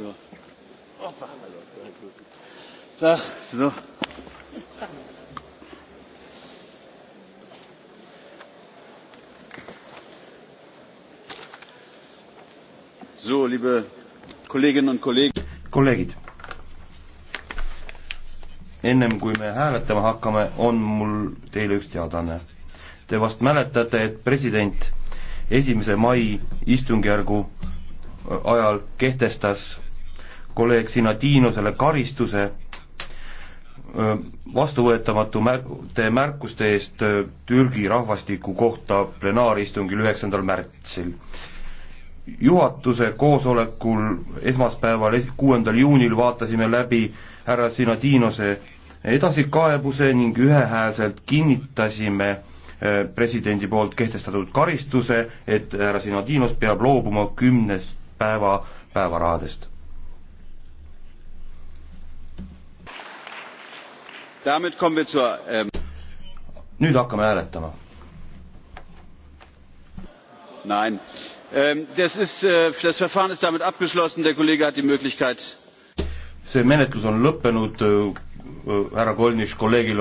So. Ach, so. So, liebe Kolleginnen und Kollegen. kolleegid, ennem kui me hääletama hakkame, on mul teile üks teadaanne. Te vast mäletate, et president esimese mai istungjärgu ajal kehtestas kolleeg Sinadinosele karistuse vastuvõetamatute märkuste eest Türgi rahvastiku kohta plenaaristungil üheksandal märtsil. juhatuse koosolekul esmaspäeval, kuuendal juunil vaatasime läbi härra Sinadinose edasikaebuse ning ühehäälselt kinnitasime presidendi poolt kehtestatud karistuse, et härra Sinadinos peab loobuma kümnest päeva päevarahadest Ähm, nüüd hakkame hääletama. Nein, ähm, das ist, äh, das Verfahren ist damit abgeschlossen, der Kollege hat die Möglichkeit. see menetlus on lõppenud, äh, äh, härra Kolnis, kolleegil